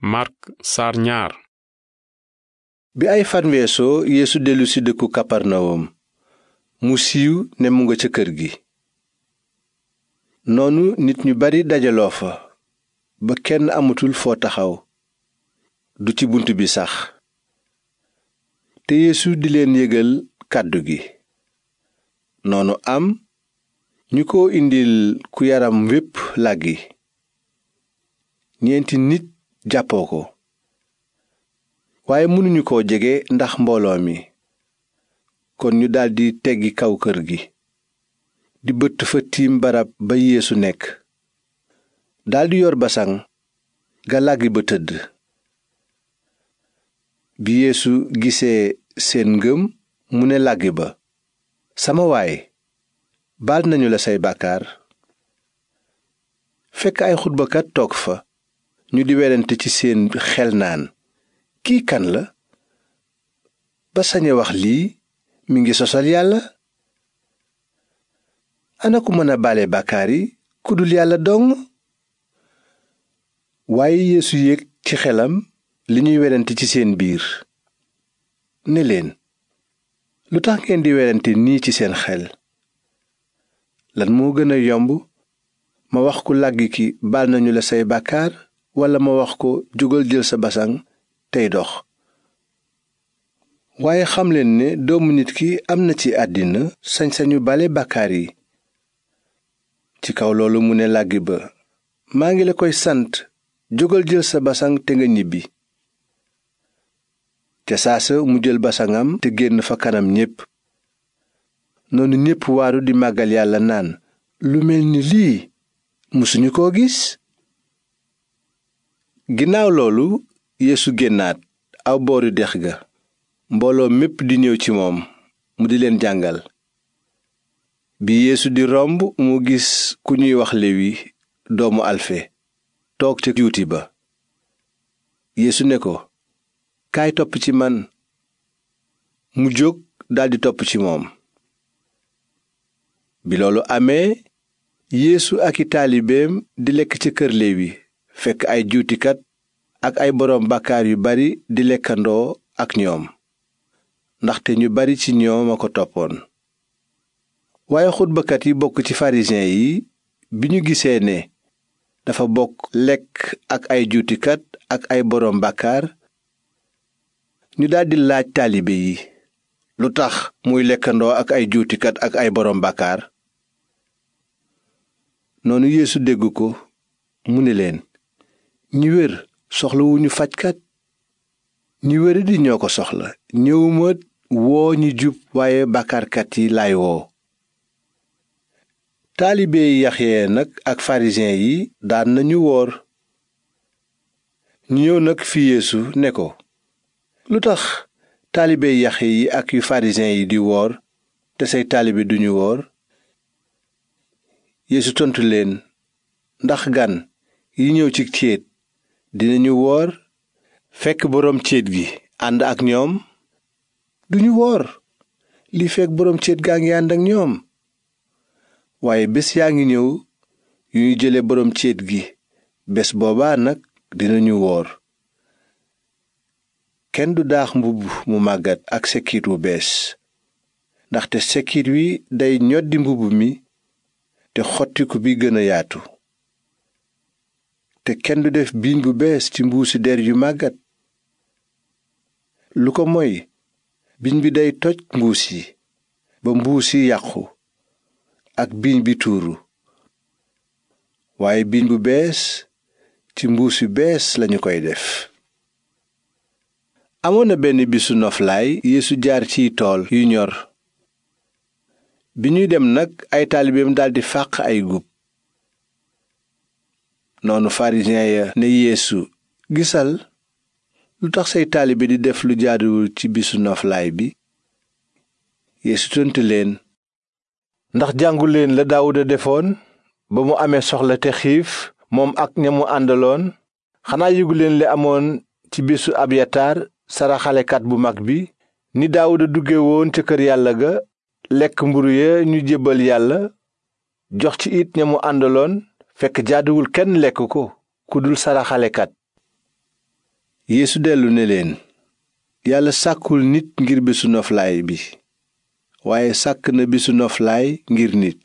Mark bi ay fan yéesu dellusi dellu ci dëkku Kaparnawum mu siiw ne mu nga ca kër gi noonu nit ñu bari dajaloo fa ba kenn amatul foo taxaw du ci bunt bi sax te Yeesu di leen yëgal kàddu gi noonu am ñu ko indil ku yaram wépp làggi ñeenti nit jàppoo ko waaye mënuñu koo jege ndax mbooloo mi kon ñu daldi teggi kaw kër gi di bëtt fa tiim barab ba yeesu nekk daldi yor basaŋ ga làggi ba tëdd bi yeesu gisee seen ngëm mu ne làggi ba sama waay baal nañu la say bàkkaar fekk ay xutbakat toog fa ñu di werante ci seen xel naan kii kan la ba sañ wax lii mu ngi sosal yàlla ana ku mën a baale bàkkaar yi ku dul yàlla dong waaye yeesu yéeg ci xelam li ñuy werante ci seen biir ni leen lu tax ngeen di werante nii ci seen xel lan moo gën a yomb ma wax ku làgg ki baal nañu la say bàkkaar walla ma wax ko jógal jël sa basaŋ tey dox waaye xam leen ne doomu nit ki am na ci àddina sañ-sañu bale bàkkaar yi ci kaw loolu mu ne làggi ba maa ngi la koy sant jógal jël sa basaŋ te nga ñibbi ca saasa mu jël basaŋam te génn fa kanam ñépp noonu ñépp waaru di màggal yàlla naan lu mel ni lii musuñu koo gis ginnaaw loolu yéesu génnaat aw booru dex ga mbooloo mépp di ñëw ci moom mu di leen jàngal bi yéesu di romb mu gis ku ñuy wax lewi doomu alfe toog ca juuti ba yeesu ne ko kaay topp ci man mu jóg daldi topp ci moom bi loolu amee yéesu ak i taalibeem di lekk ca kër lewi fekk ay juutikat ak ay boroom bàkkaar yu bari di lekkandoo ak ñoom ndaxte ñu bari ci ñoom a ko toppoon waaye xutbakat yi bokk ci pharisien yi bi ñu gisee ne dafa bokk lekk ak ay juutikat ak ay boroom bàkkaar ñu daldi laaj taalibe yi lu tax muy lekkandoo ak ay juutikat ak ay boroom bàkkaar noonu yeesu dégg ko mu ne leen ñi wér soxlawuñu fajkat ñi wéradi ñoo ko soxla ñëwuma woo ñi jub waaye bàkkaarkat yi lay woo taalibe yi yaxye nag ak farisiyen yi daan nañu woor ñu ñëw nag fi yeesu ne ko lu tax taalibe yaxye yi ak yu farisiyen yi di woor te say taalibe duñu woor yeesu tontu leen ndax gan yi ñëw ci céet dinañu woor fekk boroom céet gi ànd ak ñoom duñu woor li fekk boroom céet gaa ngi ànd ak ñoom waaye bés yaa ngi ñëw yu ñu jële boroom céet gi bés boobaa nag dinañu woor kenn du daax mbubb mu màggat ak sekkiit wu bees ndaxte sekkiit wi day ñoddi mbubb mi te xottiku bi gën a yaatu te kenn du def biiñ bu bees ci mbuus mbuusi der yu màggat lu ko moy biiñ bi day toj mbuus yi ba mbuus yi yàqu ak biiñ bi tuuru waaye biiñ bu bees ci mbuus yu bees lañu koy def amoon na benn bisu noflaay yéesu jaar ciy tool yu ñor bi ñuy dem nag ay taalibeem daldi fàq ay gub noonu farisiyen ya ne yeesu gisal lu tax say taalibe di def lu jaaduwul ci bisu noflaay bi yeesu leen ndax jànguleen la daawuda defoon ba mu amee soxla te xiif moom ak ñamu mu àndaloon xanaa yëguleen li amoon ci bisu abyataar saraxalekat bu mag bi ni daawuda dugge woon ca kër yàlla ga lekk mburu ya ñu jébbal yàlla jox ci it ña mu àndaloon fekk jaaduwul kenn lekk ko ku dul saraxalekat yéesu dellu ne leen yàlla sàkkul nit ngir bésu noflaay bi waaye sàkk na bésu noflaay ngir nit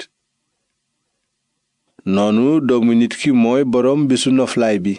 noonu doomu nit ki mooy boroom bésu noflaay bi